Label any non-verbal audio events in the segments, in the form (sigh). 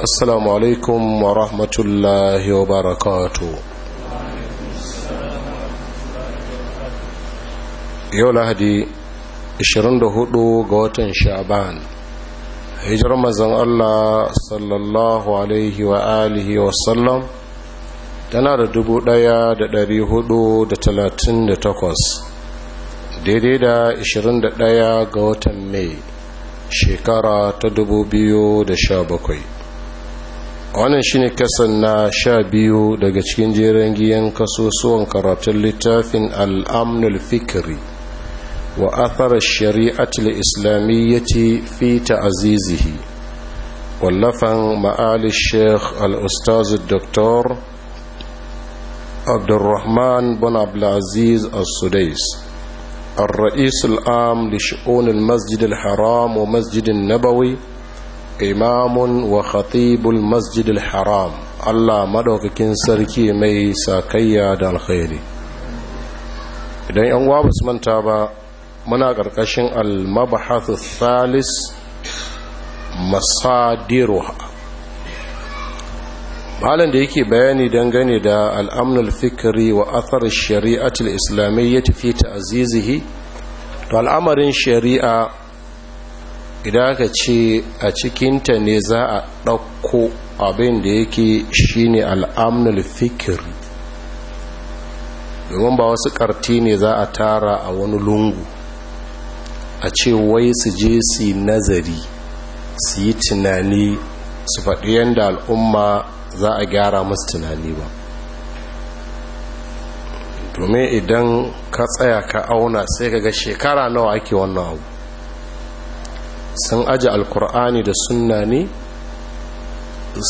assalamu alaikum wa rahmatullahi wa barakatu yau lahadi 24 ga watan sha'ban hijirar mazan allah sallallahu alaihi wa alihi wa sallam tana da dubu ɗaya da da da talatin da takwas, daidai da 21 ga watan mai shekara ta dubu biyu da sha bakwai. wannan shine kasan na sha biyu daga cikin jerin giyan kasusuwan karatun littafin al'amnul fikiri wa atharar shari'atul islamiyyati fi ta'azizihi wallafan ma'ali sheikh al'ustazu doktor abdurrahman bin abdulaziz al-sudais الرئيس العام لشؤون المسجد الحرام ومسجد النبوي imamun wa khatibul masjidil haram Allah madaukakin sarki mai sakayya da alkhairi idan yan uwa basu manta ba muna ƙarƙashin al-mabahath thalis masadiruha halin da yake bayani dangane da al'amnul fikiri wa athar shari'atul islamiyyati fi ta'zizihi to al'amarin shari'a idan aka ce a cikinta ne za a ɗauko abin da yake shine al'amnul fikir domin ba wasu ƙarti ne za a tara a wani lungu a ce wai su je su nazari su yi tunani su faɗi yadda al'umma za a gyara musu tunani ba domin idan ka tsaya ka auna sai ka ga shekara nawa ake wannan abu sun aji alkur'ani da sunna ne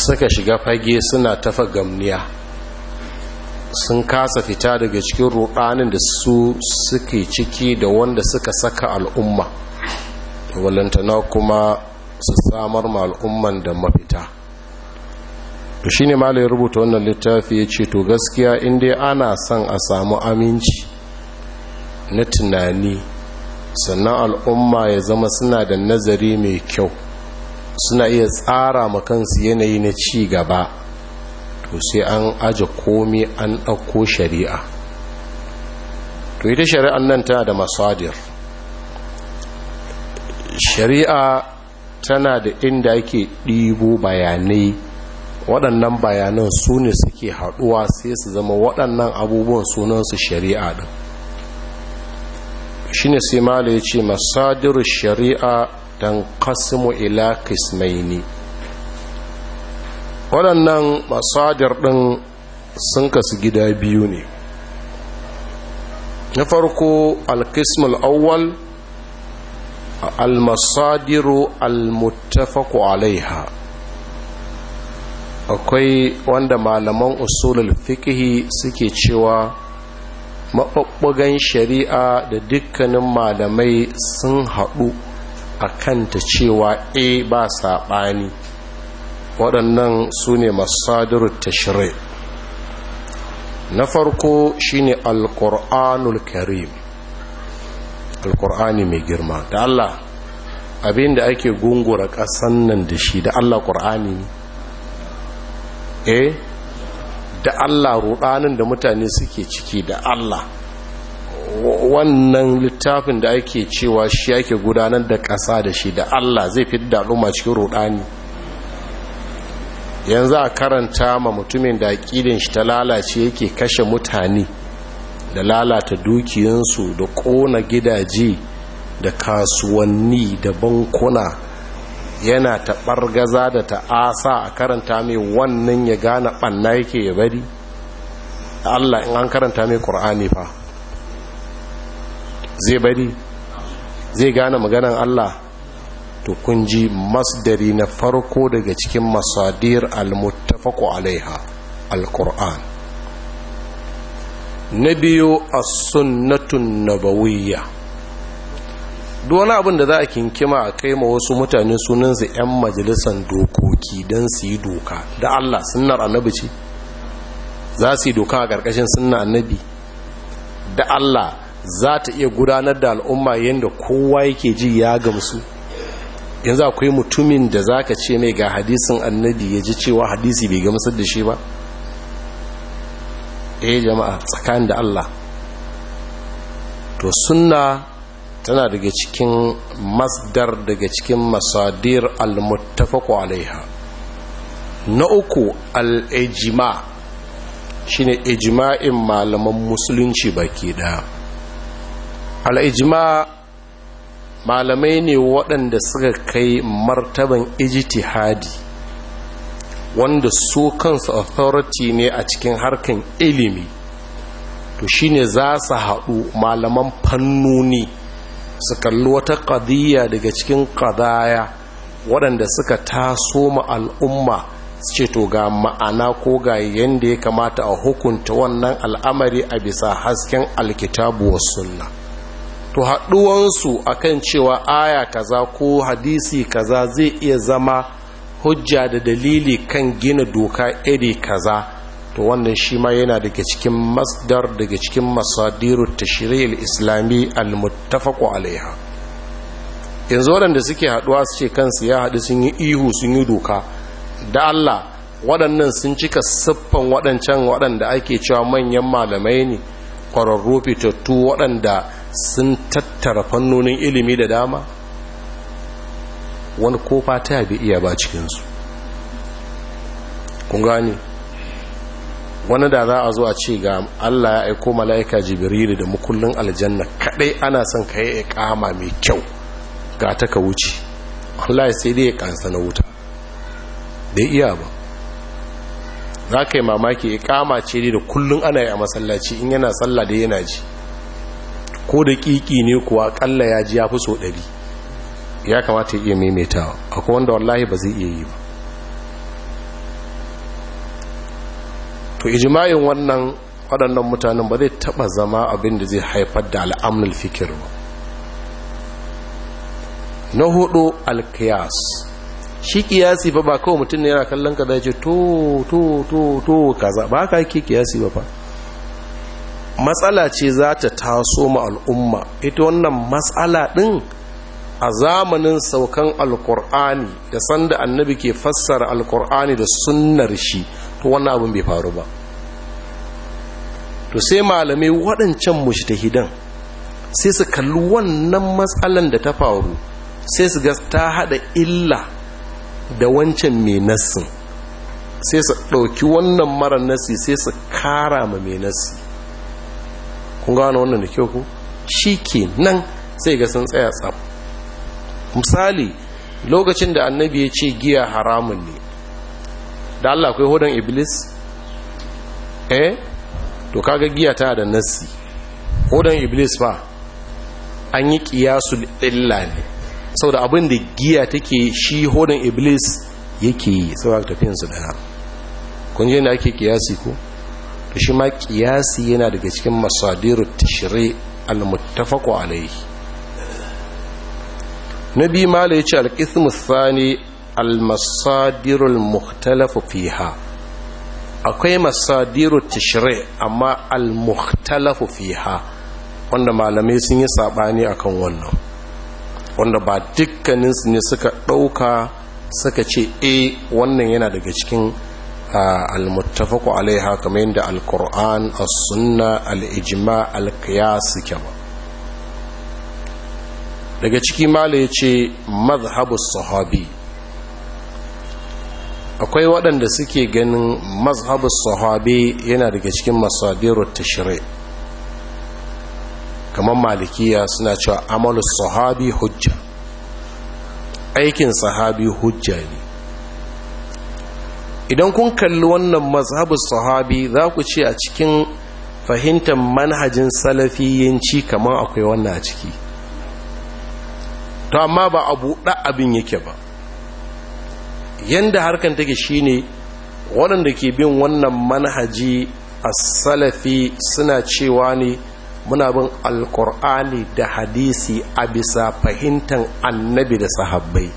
suka shiga fage suna tafa gamniya sun kasa fita daga cikin rudanin da su suke ciki da wanda suka saka al'umma walantana kuma su samar ma al'umman da mafita to shine malai rubuta wannan littafi ya ce to gaskiya inda ana son a samu aminci na tunani sannan al'umma ya zama suna da nazari mai kyau suna iya tsara makansu yanayi na ci gaba to sai an aji komi an ɗauko shari'a to ita shari'an nan tana da masadir shari'a tana da inda ake ɗibo bayanai waɗannan bayanan su ne suke haɗuwa sai su zama waɗannan abubuwan sunansu shari'a ɗin shine sai mala ya ce masadiru shari'a dan kasimu ila kismaini waɗannan masadir ɗin sun kasu gida biyu ne na farko alkismul awwal almasadiru almuttafaku alaiha akwai wanda malaman usulul fikihi suke cewa maɓaɓɓugan shari'a da dukkanin malamai sun haɗu a kanta cewa a e, ba saɓani waɗannan su ne ta shirai. na farko shine alƙur'anul karim alƙur'ani mai girma da allah abin da ake gungura ƙasan nan da shi da allah ƙur'ani ne eh da Allah rudanin da mutane suke ciki da Allah wannan littafin da ake cewa shi yake gudanar da ƙasa da shi da Allah zai fi da ma cikin ruɗani. yanzu a karanta ma mutumin da aƙidin shi ta lalace yake kashe mutane da lalata dukiyansu da ƙona gidaje da kasuwanni da bankuna yana taɓargaza da ta asa a karanta mai wannan ya gane ɓanna yake ya bari Allah in an karanta mai ƙur'ani fa zai bari zai gane maganan Allah to kun ji masdari na farko daga cikin masadir al-muttafaqu alaiha al-qur'an na as-sunnatun nabawiyyah duk wani abin da za a kinkima a kai ma wasu mutane su 'yan majalisar dokoki don su yi doka da Allah sunar annabi ce za su yi doka a ƙarƙashin sunan annabi da Allah za ta iya gudanar da al'umma yadda kowa yake ji ya gamsu yanzu akwai mutumin da za ka ce mai ga hadisin annabi ya ji cewa hadisi bai gamsar da shi ba eh jama'a tsakanin da Allah to sunna tana daga cikin masdar daga cikin masadir al-muttafaqu alaiha na uku al-ijma shine ijma'in malaman musulunci baki da al-ijma malamai ne waɗanda suka kai martaban ijtihadi wanda su kansu authority ne a cikin harkan ilimi to shine za su haɗu malaman fannoni su kalli wata ƙadiyya daga cikin ƙadaya waɗanda suka taso ma al'umma su ce to ga ma'ana ko ga yadda ya kamata a hukunta wannan al'amari a bisa hasken alkitabu wa sunna to haɗuwansu akan cewa aya kaza ko hadisi kaza zai iya zama hujja da dalili kan gina doka iri kaza to wannan shi ma yana daga cikin masdar daga cikin masadiru tashriyil islami almuttafaqu alaiha yanzu waɗanda suke haɗuwa su ce kansu ya haɗu sun yi ihu sun yi doka da Allah waɗannan sun cika siffan waɗancan waɗanda ake cewa manyan malamai ne ƙwararru fitattu waɗanda sun tattara fannonin ilimi da dama wani kofa ta bi iya ba cikinsu kun gani wani da za a zo a ce ga Allah ya aiko mala'ika jibrilu da mukullin aljanna kadai ana son ka yi ƙama mai kyau ga ta ka wuce ya sai dai ya kansa na wuta da iya ba za ka yi mamaki ikama ce dai da kullum ana yi a masallaci in yana sallah da yana ji ko da kiki ne kuwa ƙalla ya ji ya fi so ɗari ya kamata ya iya maimaitawa akwai wanda wallahi ba zai iya yi ba to ijma'in wannan waɗannan mutanen ba zai taɓa zama abin da zai haifar da al'amnul fikir ba na hudu alkiyas shi kiyasi ba ba kawai mutum ne yana kallon ka zai ce to to to to kaza ba ka ke kiyasi ba fa matsala ce za ta taso ma al'umma ita wannan matsala ɗin a zamanin saukan alkur'ani da sanda annabi ke fassara alkur'ani da sunnar shi to wannan abin bai faru ba to sai malamai waɗancan mushtahidan sai su kalli wannan matsalan da ta faru sai su ga ta haɗa illa da wancan mai nassin sai su ɗauki wannan mara nassi sai su kara ma mai nassi kun gano wannan da kyau ku shi ke nan sai ga sun tsaya tsam misali lokacin da annabi ya ce giya haramun ne da Allah akwai hodan iblis eh to kaga giya ta da nassi hodan iblis ba an yi qiyasul illa ne saboda abin da giya take shi hodan iblis yake yi saboda tafiyan su da kun ji ake qiyasi ko to shi ma qiyasi yana daga cikin masadiru tashri al-muttafaqu alayhi nabi mala yace al-qismu thani almasadirul muhtalafu fiha akwai masadiru tishri amma almuhtalafu fiha wanda malamai sun yi sabani akan wannan wanda ba dukkaninsu ne suka ɗauka suka ce e wannan yana daga cikin almuttafaku alaiha kamar yadda alkur'an asunna sunna al-ijma al daga ciki mala yace mazhabu sahabi akwai waɗanda suke ganin mazhabu sahabi yana daga cikin masadiru shirai kamar malikiya suna cewa amalu sahabi hujja aikin sahabi hujja ne idan kun kalli wannan mazhabu sahabi za ku ce a cikin fahimtar manhajin salafiyanci kamar akwai wannan ciki to amma ba abu abin yake ba yanda harkan take shine waɗanda ke bin wannan manhaji a salafi suna cewa ne muna bin alkur'ani da hadisi a bisa fahimtar annabi da sahabbai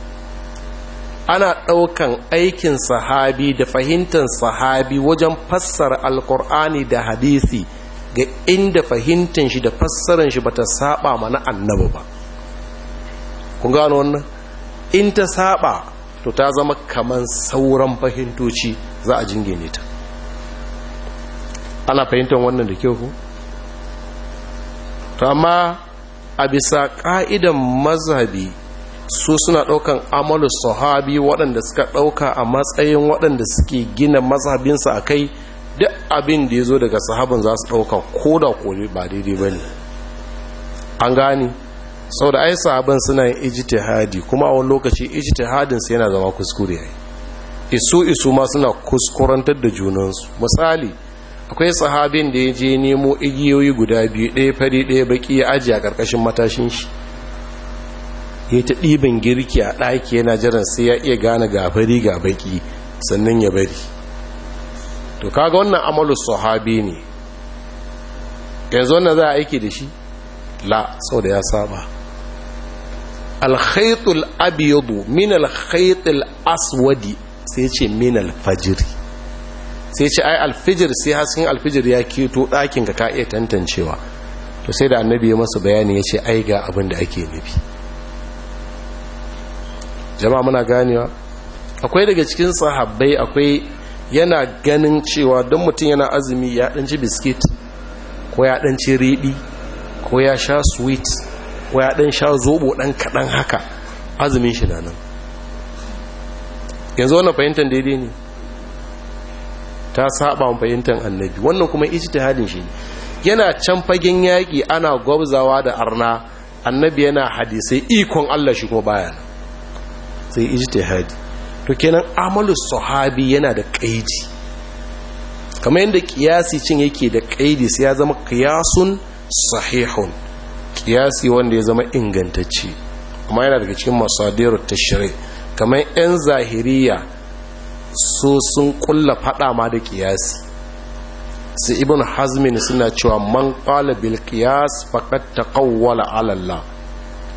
ana ɗaukan aikin sahabi da fahimtar sahabi wajen fassara alkur'ani da hadisi ga inda fahimtar shi da fassarar shi bata saba mana annabi ba kun gano wannan in ta saba to ta zama kaman sauran fahimtoci za a jingine ta ana fahimtar wannan da kyau ku to amma a bisa ƙa'idan mazhabi su suna ɗaukan amalu sahabi waɗanda suka ɗauka a matsayin waɗanda suke gina mazhabinsa a kai duk abin da ya zo daga sahabin za su ɗauka ko da kone ba daidai ba ne an gani sau da ai sahaban suna yin ijtihadi kuma a wani lokaci ijtihadin sai yana zama kuskure isu isu ma suna kuskurantar da junansu misali akwai sahabin da ya je nemo igiyoyi guda biyu ɗaya fari ɗaya baki ya ajiye a ƙarƙashin matashin shi ya ta ɗiban girki a ɗaki yana jiran sai ya iya gane ga fari ga baki sannan ya bari to kaga wannan amalu sahabi ne yanzu wannan za a aiki da shi la sau da ya saba alkhaitul abiyadu min alkhaitul aswadi sai ce min alfajiri sai ce ai alfijir sai hasken alfijir ya keto ɗakin ka iya tantancewa to sai da annabi ya masa bayani ya ce ai ga abin da ake nufi jama'a muna ganewa akwai daga cikin sahabbai akwai yana ganin cewa don mutum yana azumi ya ɗanci biskit ko ya ɗanci riɗi ko ya sha sweet Waya ya ɗan sha zobo dan kaɗan haka azumin shi na nan yanzu wannan fahimtar daidai ne ta saba fahimtar annabi wannan kuma ijtihadin shi yana can fagen yaƙi ana gwabzawa da arna annabi yana hadisai ikon Allah shi kuma baya sai ijtihad to kenan amalu sahabi yana da kaidi kamar yadda kiyasi cin yake da kaidi sai ya zama kiyasun sahihun kiyasi wanda ya zama ingantacce kuma yana daga cikin masadiru tashri kamar yan zahiriya su sun kulla fada ma da kiyasi sai ibn hazmin suna cewa man qala bil qiyas faqad taqawwala ala Allah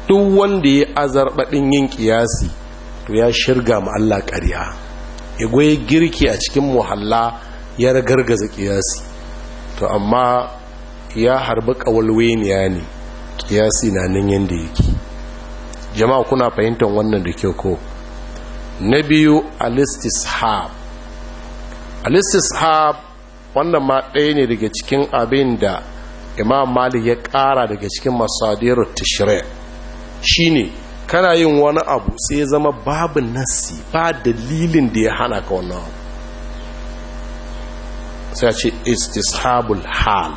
duk wanda ya azarbadin yin kiyasi to ya shirga ma Allah ƙarya ya goye girki a cikin muhalla ya ragargaza kiyasi to amma ya harbi ƙawalweniya ne kiyasi na nan yadda yake jama'a kuna fahimtar wannan da kyau ko na biyu alistis alistishab wannan ma ɗaya ne daga cikin abin da imam malik ya ƙara daga cikin masadirar tishire shine kana yin wani abu sai ya zama babu nasi ba dalilin da ya hana ka wannan abu sai ce istishabul hal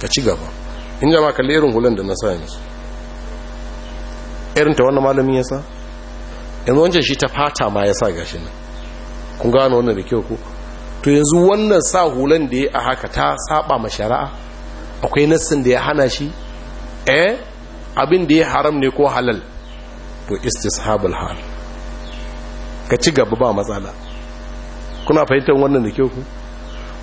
ka ci gaba in jama kalli irin hulan da na sa yanzu irin ta wannan malamin ya sa yanzu wancan shi ta fata ma ya sa gashi nan kun gano wannan da kyau ku to yanzu wannan sa hulan da ya a haka ta saba ma shari'a akwai nassin da ya hana shi eh abin da ya haram ne ko halal to istishabul hal ka ci gaba ba matsala kuna fahimtar wannan da kyau ku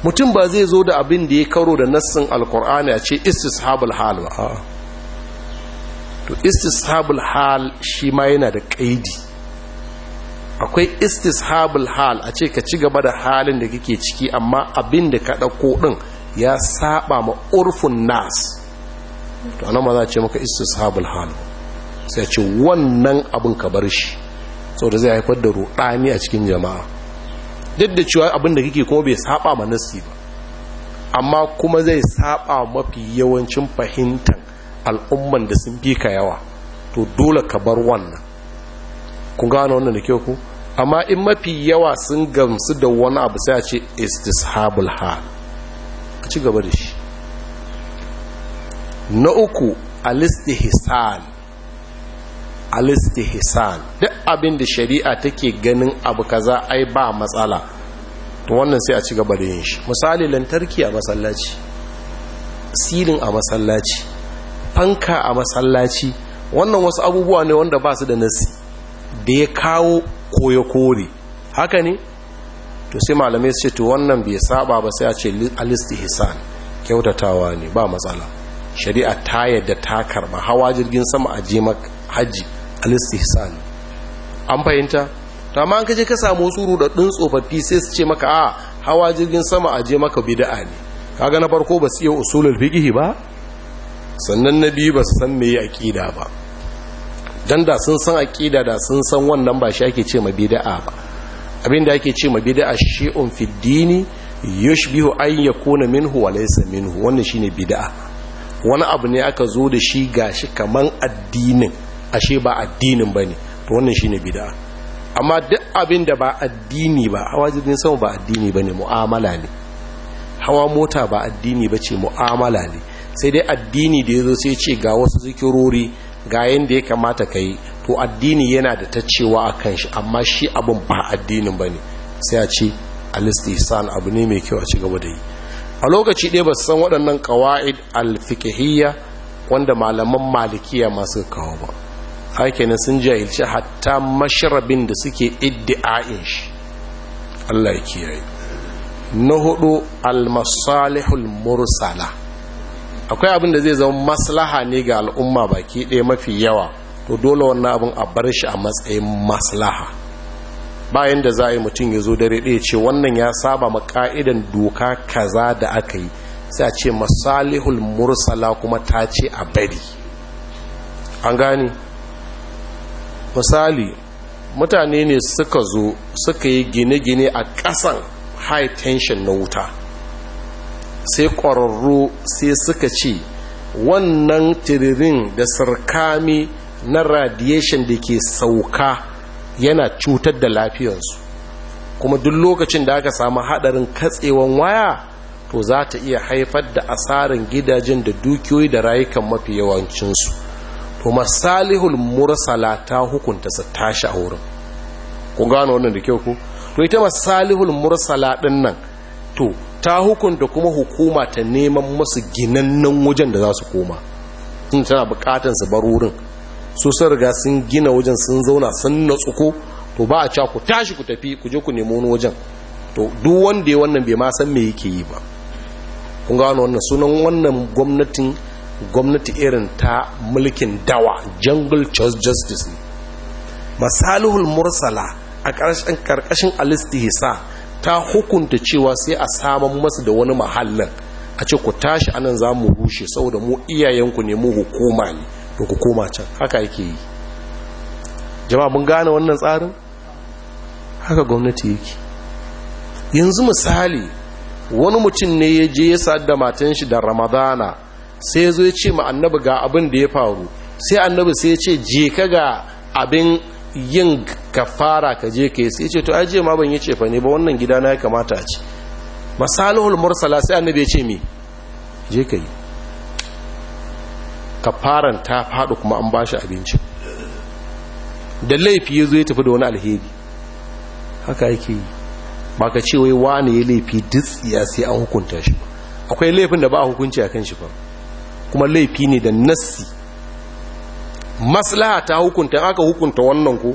mutum ba zai zo da abin da ya karo da nassin alkur'ani a ce istishabul hal ba to istishabul hal shi ma yana da kaidi akwai istishabul hal a ce ka ci gaba da halin da kake ciki amma abin da ka ɗauko ɗin ya saba ma urfun nas to anan ma za a ce maka istishabul hal sai ce wannan abin ka bar shi sau zai haifar da ruɗani a cikin jama'a duk da cewa abin da kike kuma bai saba ma nassi ba amma kuma zai saba mafi yawancin fahimtar al'umman da sun fi ka yawa to dole ka bar wannan kun gano wannan da ke ku amma in mafi yawa sun gamsu da wani abu sai a ce istishabul hal a ci gaba da shi na uku alistihisan al-istihsan duk abin da shari'a take ganin abu kaza ai ba matsala to wannan sai a ci gaba da yin shi misali lantarki a masallaci silin a masallaci fanka a masallaci wannan wasu abubuwa ne wanda ba su da nasi da ya kawo koyo kore haka ne to sai malamai su ce to wannan bai saba ba sai a ce al-istihsan kyautatawa ne ba matsala shari'a ta yadda ta karba hawa jirgin sama a je hajji al an fahimta to amma an kaje ka samu wasu rudaddun tsofaffi sai su ce maka a hawa jirgin sama a je maka bida'a ne kaga na farko ba su iya usulul fiqh ba sannan na biyu ba su san meye aqida ba dan da sun san aqida da sun san wannan ba shi ake ce ma bid'a ba abinda ake ce ma bid'a shi'un fi dini yushbihu an yakuna minhu wa laysa minhu wannan shine bida'a wani abu ne aka zo da shi gashi kaman addinin ashe ba addinin ba ne to wannan shi ne bida amma duk abin da ba addini ba hawa jirgin sama ba addini ba ne mu'amala ne hawa mota ba addini ba ce mu'amala ne sai dai addini da ya zo sai ce ga wasu zikirori ga yadda ya kamata ka yi to addini yana da ta cewa a kan shi amma shi abin ba addinin ba ne sai a ce alistisan abu ne mai kyau a ci gaba da yi a lokaci ɗaya ba su san waɗannan ƙawa'id alfikihiyya wanda malaman malikiya masu kawo ba hakenan sun jahilci hatta masharabin da suke iddi'a'in shi Allah ya kiyaye na hudu almasalihul mursala akwai abin da zai zama maslaha ne ga al'umma baki ɗaya mafi yawa to dole wannan abin a bar shi a matsayin maslaha bayan da za a yi mutum ya zo dare ɗaya ce wannan ya saba ma ka'idan doka kaza da aka yi sai a ce masalihul mursala kuma ta ce a bari an gani misali mutane ne suka zo suka yi gine-gine a ƙasan high tension na wuta sai ƙwararru sai suka ce wannan tiririn da sarkami na radiation da ke sauka yana cutar da lafiyansu kuma duk lokacin da aka samu haɗarin katsewan waya to za ta iya haifar da asarin gidajen da dukiyoyi da rayukan mafi yawancinsu to masalihul mursala ta hukunta su tashi a wurin ku gano wannan da kyau ku to ita masalihul mursala din nan to ta hukunta kuma hukuma ta neman musu ginannen wajen da za su koma in tana bukatan su bar wurin su sun riga sun gina wajen sun zauna sun natsu ko to ba a cewa ku tashi ku tafi ku je ku nemo wani wajen to duk wanda ya wannan bai ma san me yake yi ba kun gano wannan sunan wannan gwamnatin gwamnati irin ta mulkin dawa jungle church justice ne masaluhul mursala a ƙarƙashin alistihisa ta hukunta cewa sai a saman masu da wani mahallin a ce ku tashi anan za mu rushe saboda mu iyayenku ne mu hukuma ne da ku koma can haka yake yi jama'a mun gane wannan tsarin haka gwamnati yake yanzu misali wani mutum ne ya je ya da matan shi da ramadana sai ya zo ya ce ma annabi ga abin da ya faru sai annabi sai ya ce je ka ga abin yin kafara ka je ka yi sai ce to ai je ma ban yi cefa ne ba wannan gida na ya kamata a ci masalihul mursala sai annabi ya ce me je ka yi kafaran ta faɗi kuma an bashi abinci da laifi ya zo ya tafi da wani alheri haka yake yi ba ka ce wai wani ya laifi duk sai an hukunta shi akwai laifin da ba a hukunci a kan shi ba kuma laifi ne da nassi maslaha ta hukunta aka hukunta wannan ko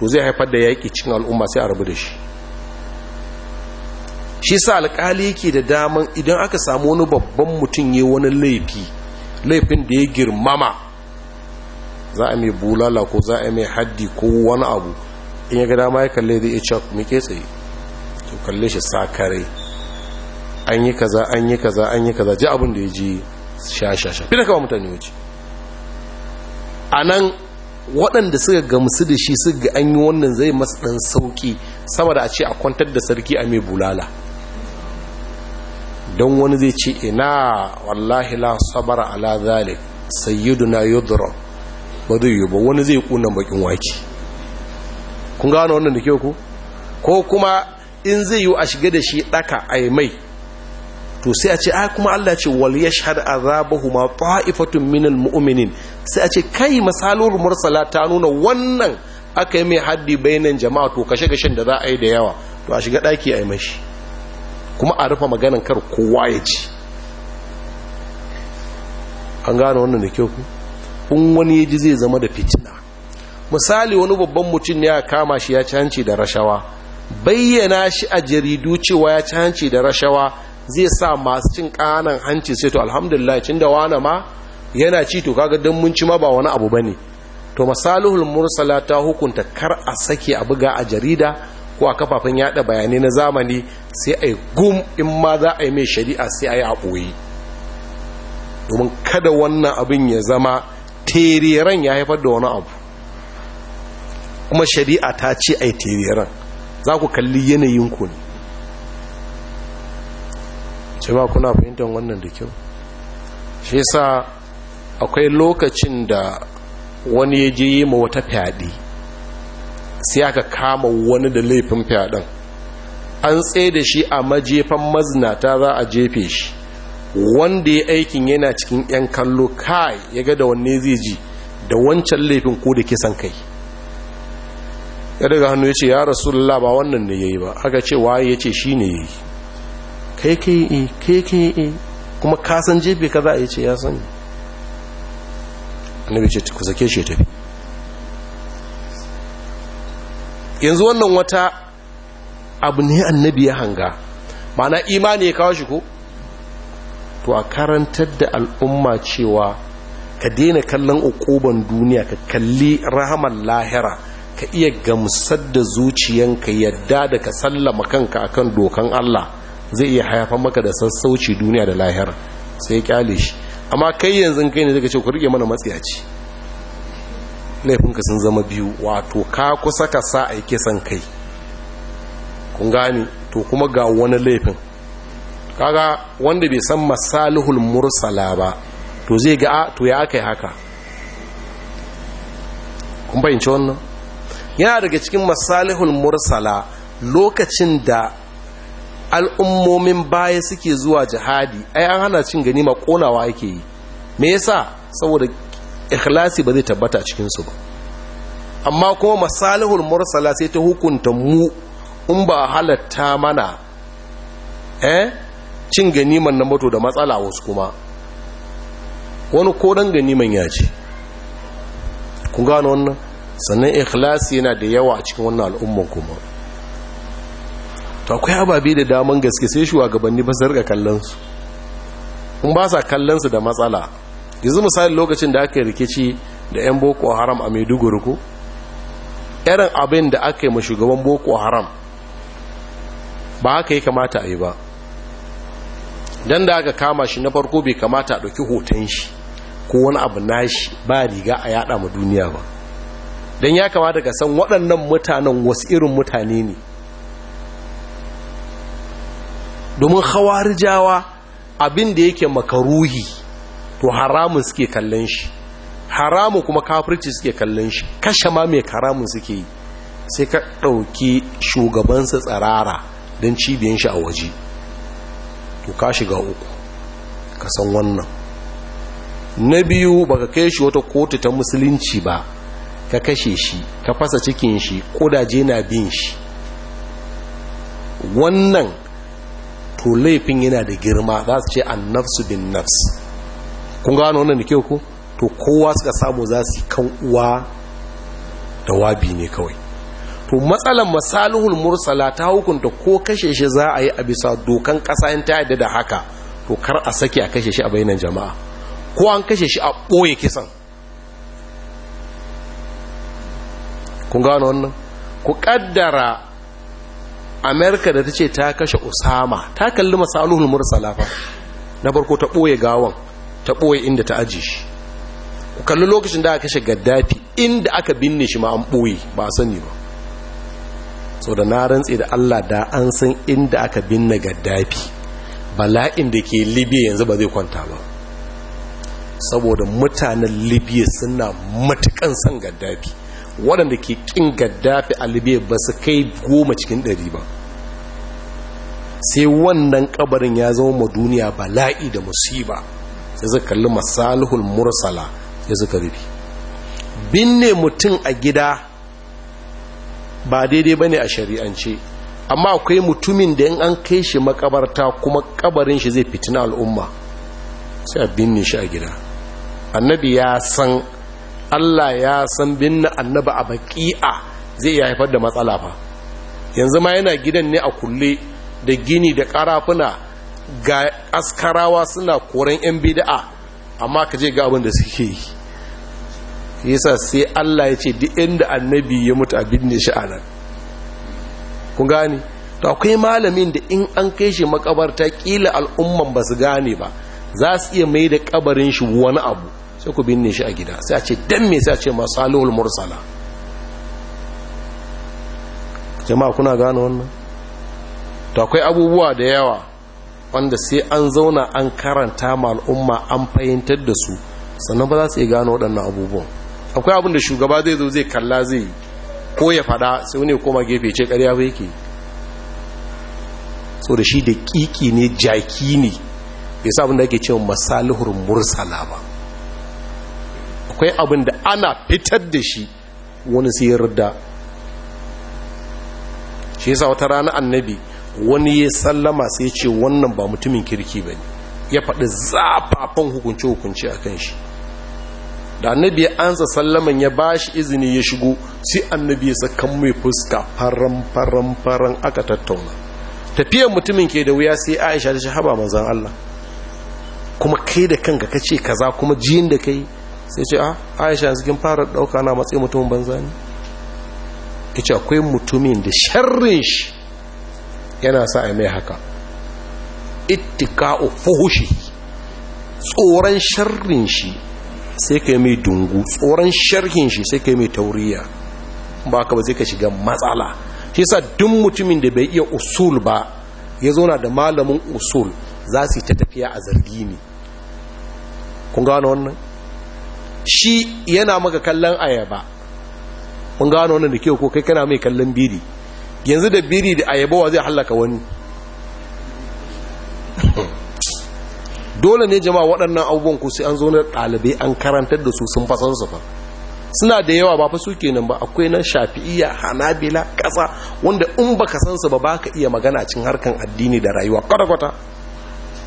to zai haifar da yaƙi cikin al'umma sai a rabu da shi shi sa alƙali yake da daman idan aka samu wani babban mutum ya wani laifi laifin da ya girmama za a mai bulala ko za a mai haddi ko wani abu in ya ga dama ya kalle zai iya ke tsaye to kalle shi sakare an yi kaza an yi kaza an yi kaza ji abin da ya ji shashasha fi da kawo mutane waje a nan waɗanda suka gamsu da shi suka an yi wannan zai masu ɗan sauƙi sama da a ce a kwantar da sarki a mai bulala don wani zai ce ina wallahi la sabara ala zalik sayyiduna yudra ba zai yi ba wani zai kunan bakin waki kun gano wannan da kyau ku ko kuma in zai yi a shiga da shi ɗaka a mai to sai a ce ai kuma Allah ce wal yashhad azabahuma ta'ifatun minal mu'minin sai a ce kai masalul mursala ta nuna wannan aka yi mai haddi bainan jama'a to kashe gashin da za a yi da yawa to a shiga daki a yi mashi kuma a rufe maganar kar kowa ya ci an gane wannan da kyau ku wani ya ji zai zama da fitina misali wani babban mutum ne ya kama shi ya ci da rashawa bayyana shi a jaridu cewa ya ci da rashawa zai sa masu cin ƙanan hanci sai to alhamdulillah cin da wane ma yana ci to kaga don mun ma ba wani abu ba ne to masaluhul mursala ta hukunta kar a sake a buga a jarida ko a kafafen yada bayanai na zamani sai a yi gum in ma za a yi mai shari'a sai a yi a domin kada wannan abin ya zama teriran ya haifar da wani abu kuma shari'a ta ce a yi teriran za ku kalli yanayin ku ne jama kuna fahimtar wannan da kyau shi sa akwai lokacin da wani ya je yi ma wata fyaɗe sai aka kama wani da laifin fyaɗen an tsaye da shi a majefan mazinata za a jefe shi wanda ya aikin yana cikin 'yan kallo kai ya ga da wanne zai ji da wancan laifin ko da kisan kai ya daga hannu ya ce ya rasu ba wannan ne ya yi ba aka ce waye ya ce shi ne ya yi kai ke yi kai ke yi kuma ka jefe ka za a yi ce ya sani annabi ce ku sake shi tafi yanzu wannan wata abu ne annabi ya hanga ma'ana imani ya kawo shi ko to a karantar da al'umma cewa ka daina kallon ukuban duniya ka kalli rahaman lahira ka iya gamsar da zuciyanka yadda da ka sallama kanka akan dokan Allah zai iya hayafan maka da sassauci duniya da lahira sai ya kyale shi amma kai yanzu kai ne zaka ce ku rike mana matsiyaci laifinka sun zama biyu wato ka kusa ka sa a yi san kai kun gane to kuma ga wani laifin kaga wanda bai san masalihul mursala ba to zai ga to ya kai haka kun bayyance wannan yana daga cikin masalihul mursala lokacin da al'ummomin baya suke zuwa jihadi ai an hana cin ganima konawa ake yi me yasa saboda ikhlasi ba zai tabbata a cikinsu ba amma kuma masalihul mursala sai ta hukunta mu in ba halatta mana eh cin ganiman na mato da matsala wasu kuma wani kodan ganiman ya ce Ku gano wannan sannan ikhlasi yana da yawa cikin wannan al'umman kuma to akwai ababe da daman gaske sai shugabanni ba su kallon su in ba sa kallon su da matsala yanzu misali lokacin da aka rikici da yan boko haram a maiduguri ko irin abin da aka yi ma shugaban boko haram ba haka yi kamata a yi ba don da aka kama shi na farko bai kamata a ɗauki hoton shi ko wani abu na shi ba riga a yada ma duniya ba don ya kamata ka san waɗannan mutanen wasu irin mutane ne domin hawarijawa abin da yake makaruhi to haramun suke kallon shi haramu kuma kafirci suke kallon shi kashe ma mai haramun suke yi sai ka ɗauki shugabansa tsarara don cibiyan shi a waje to ka shiga uku ka san wannan na biyu ba ka kai shi wata kotu ta musulunci ba ka kashe shi ka fasa cikin shi kodaje na bin shi wannan to laifin yana da girma za su ce an nafsu bin nafs kun gano wannan da kyau ku to kowa suka samu za su kan uwa da wabi ne kawai to matsalan masaluhul mursala ta hukunta ko kashe shi za a yi a bisa dokan ƙasa in ta yadda da haka to kar a sake a kashe shi a bayanan jama'a ko an kashe shi a ɓoye kisan kun gano wannan ku ƙaddara amerika da ta ce ta kashe usama ta kalli masaluhul mursala fa na farko ta ɓoye gawan ta ɓoye inda ta aji shi ku kalli lokacin da aka kashe gaddafi inda aka binne shi ma an ɓoye ba a sani ba so da na rantse da allah da an san inda aka binne gaddafi bala'in da ke libya yanzu ba zai kwanta ba saboda mutanen libya suna matukan son gaddafi waɗanda ke ƙin gaddafi a libya ba su kai goma cikin ɗari ba sai wannan ƙabarin ya zama ma duniya bala'i da musiba sai suka kalli masaluhul mursala sai suka rufe binne mutum a gida ba daidai ba ne a shari'ance amma akwai mutumin da in an kai shi makabarta kuma ƙabarin shi zai fitina al'umma sai a binne shi a gida annabi ya san Allah ya san binna annabi a baki'a zai iya haifar da matsala ba yanzu ma yana gidan ne a kulle da gini da karafuna ga askarawa suna koren yan bida'a amma ka je ga abin da suke yi yasa sai Allah ya ce duk inda annabi ya mutu a binne shi a nan kun gane to akwai malamin da in an kai shi makabarta kila al'umman ba su gane ba za su iya mai da kabarin shi wani abu sai ku binne shi a gida sai a ce dan me sai a ce masalul mursala jama'a kuna gane wannan to akwai abubuwa da yawa wanda sai an zauna an karanta ma al'umma an fahimtar da su sannan ba za su iya gano waɗannan abubuwan akwai abin da shugaba zai zo zai kalla zai ko ya faɗa sai wani koma gefe ce ƙarya ba yake so da shi da kiki ne jaki ne bai sa abin da ake cewa masalihur mursala ba akwai abin da ana fitar da shi wani sai ya rida shi yasa wata rana annabi wani ya sallama sai ce wannan ba mutumin kirki ba ne ya faɗi zafafan hukunce-hukunce a kan shi da annabi ya ansa sallaman ya ba shi izini ya shigo sai annabi ya sakan mai fuska faran-faran-faran aka tattauna tafiyar mutumin ke da wuya sai aisha ta shahaba manzan Allah kuma kai da kanka kace kaza kuma jiyin da kai sai ce a ah, aisha yanzu kin fara dauka na matsayin mutumin banza ne yace akwai mutumin da sharrin shi yana sa mai haka ittika'u fuhushi tsoron sharrin shi sai kai mai dungu tsoron sharhin shi sai kai mai tauriya ba ka ba zai ka shiga matsala shi sa duk mutumin da bai iya usul ba ya zauna da malamin usul za su yi ta tafiya a zargi ne kun gano wannan shi yana maka kallon ayaba mun gano wannan da kyau ko kai kana mai kallon biri yanzu da biri da ayaba wa zai hallaka wani (laughs) dole ne jama'a waɗannan abubuwan ku sai an zo na ɗalibai an karantar da su sun fasan su fa suna da yawa ba fa su kenan ba akwai na shafi'iyya hanabila ƙasa wanda in baka san su ba baka iya magana cin harkan addini da rayuwa kwata-kwata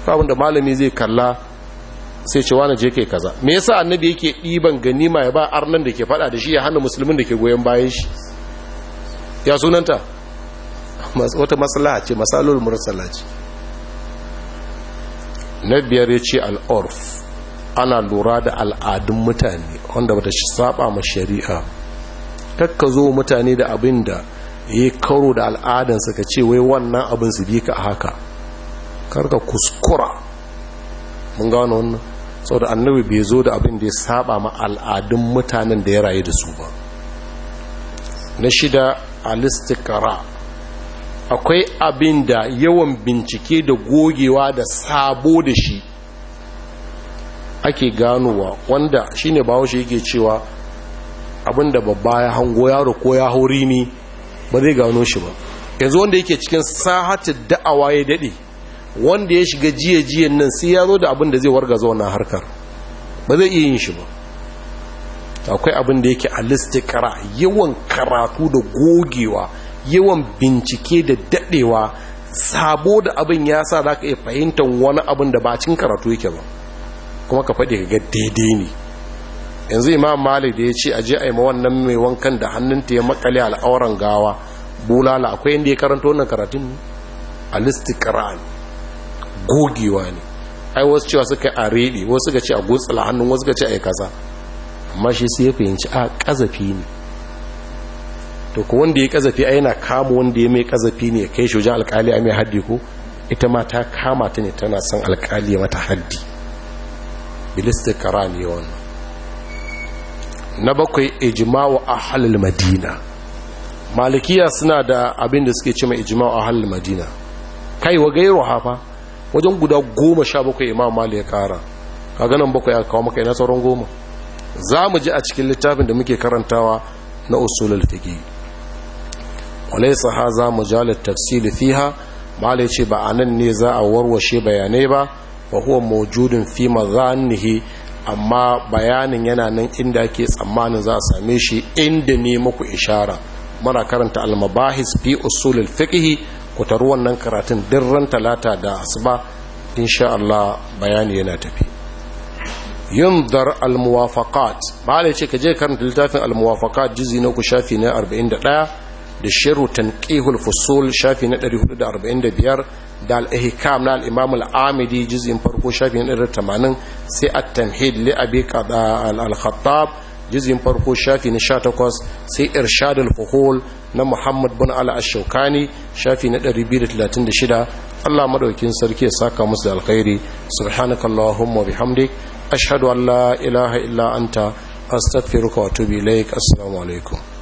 abin malami zai kalla sai ce wani je kai kaza me yasa annabi yake ɗiban ganima ya ba arnan da ke faɗa da shi ya hana musulmin da ke goyon bayan shi ya sunanta wata matsala ce masalul mursala ce na biyar ya ce al'orf ana lura da al'adun mutane wanda bata saba ma shari'a kakka zo mutane da abin da ya karo da al'adansa ka ce wai wannan abin su bi ka haka karka kuskura mun gano wannan sau da annabi bai zo da abin da ya saba ma al'adun mutanen da ya rayu da su ba na shida alistikara akwai abin da yawan bincike da gogewa da sabo da shi ake ganowa wanda shine bahaushe yake cewa abin da babba ya hango yaro ko ya hauri ne ba zai gano shi ba yanzu wanda yake cikin sahatar da'awa ya daɗe wanda ya shiga jiya jiyen nan sai ya zo da abin da zai zo wannan harkar ba zai iya yin shi ba akwai abin da yake alistikara yawan karatu da gogewa yawan bincike da dadewa sabo da abin ya sa za ka iya fahimtar wani abin da bacin karatu yake ba kuma ka faɗi ga daidai ne yanzu imam malik da ya ce a je a yi wannan mai wankan da hannun ta ya makale al'auran gawa bulala akwai yadda ya karanta wannan karatun ne alistikara ne gogewa ne ai wasu cewa suka a rede wasu suka ce a gutsula hannun wasu suka ce a yi kaza amma shi sai ya fahimci a kazafi ne to ku wanda ya kazafi a yana kama wanda ya mai kazafi ne ya kai shi wajen alkali a mai haddi ko ita ma ta kama ta ne tana son alkali ya mata haddi bilista kara ne wannan na bakwai a ahlul madina malikiya suna da abin da suke ijimawa a halin madina kai wa gairu hafa wajen guda goma sha bakwai imam mali ya kara kaga nan bakwai aka kawo maka yana sauran goma za mu ji a cikin littafin da muke karantawa na usulul fiqi walaysa haza mujallat tafsil fiha mali ce ba a nan ne za a warwashe bayanai ba wa huwa mawjudun fi madhannihi amma bayanin yana nan inda ake tsammanin za a same shi inda ne muku ishara muna karanta al-mabahis fi usulul fiqh ku taru wannan karatun dirran talata da asuba insha Allah bayani yana tafi yundar al-muwafaqat bale ce ka je karanta littafin al-muwafaqat juzi na ku shafi na 41 da shiru tanqihul fusul shafi na 445 da al-ihkam na al-imam al-amidi juzin farko shafi na 180 sai at-tamhid li abi qada al-khattab juz'in farko shafi na 18 sai irshadul fuhul na Muhammad bin Ala ash shafi na 236 Allah madaukin sarki ya saka musu alkhairi subhanakallahumma wa bihamdik ashhadu an la ilaha illa anta astaghfiruka wa atubu ilaik assalamu alaikum